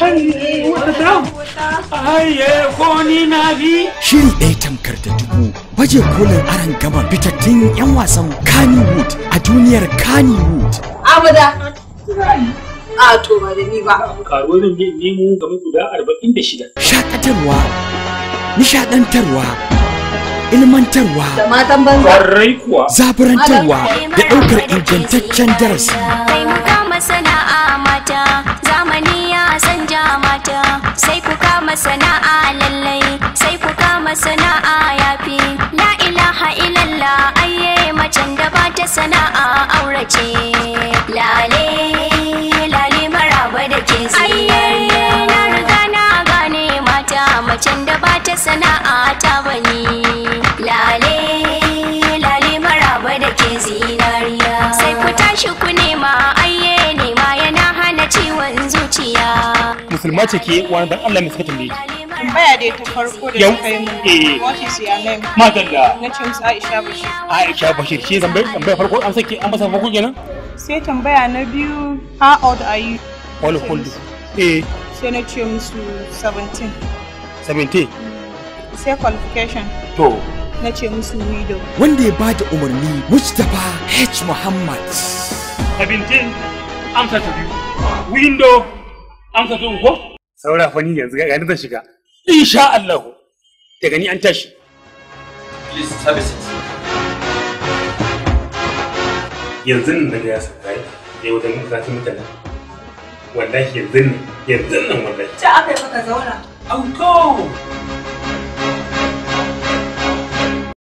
Aiye ko ni na bi. Shiri ɗaya tamkar da dubu baje kolin aran gaban fitattun 'yan wasan Kannywood a duniyar Kannywood. Abada. A to ba da ni ba. Karuwa ne nemo game guda arba'in da shida. Shaƙatarwa, nishaɗantarwa, ilmantarwa. Da matan banza. Kwarai kuwa. Zaburantarwa da ɗaukar ingantaccen darasi. Kai mu kama mata. sana'a lallai sai ku kama sana'a ya fi la ilaha illallah ayye macen da ba ta sana'a aurace lale lale maraba da ke ayye na riga na gane mata macen da ba ta sana'a ta bani lale lale maraba da ke zinariya sai ku tashi ku nema musulma ce ke wani dan Allah mai suka tambaye Baya tambaya dai ta farko da ta kai mun wace su ya nan da. na ce musu Aisha Bashir Aisha Bashir shi zan tambaya farko an sake an masa farko kenan sai tambaya na biyu how old are you Wani kullu eh sai na ce musu 17 17 mm. sai qualification to na ce musu Wido. wanda ya bada umarni Mustapha H Muhammad 17 amsa ta biyu window an ka tun ko saura fa ni yanzu ga ni zan shiga insha Allah daga ni an tashi please service yanzu nan daga ya sauka ya wajen muka tun mutane wallahi yanzu nan yanzu nan wallahi ta aka yi maka zauna auto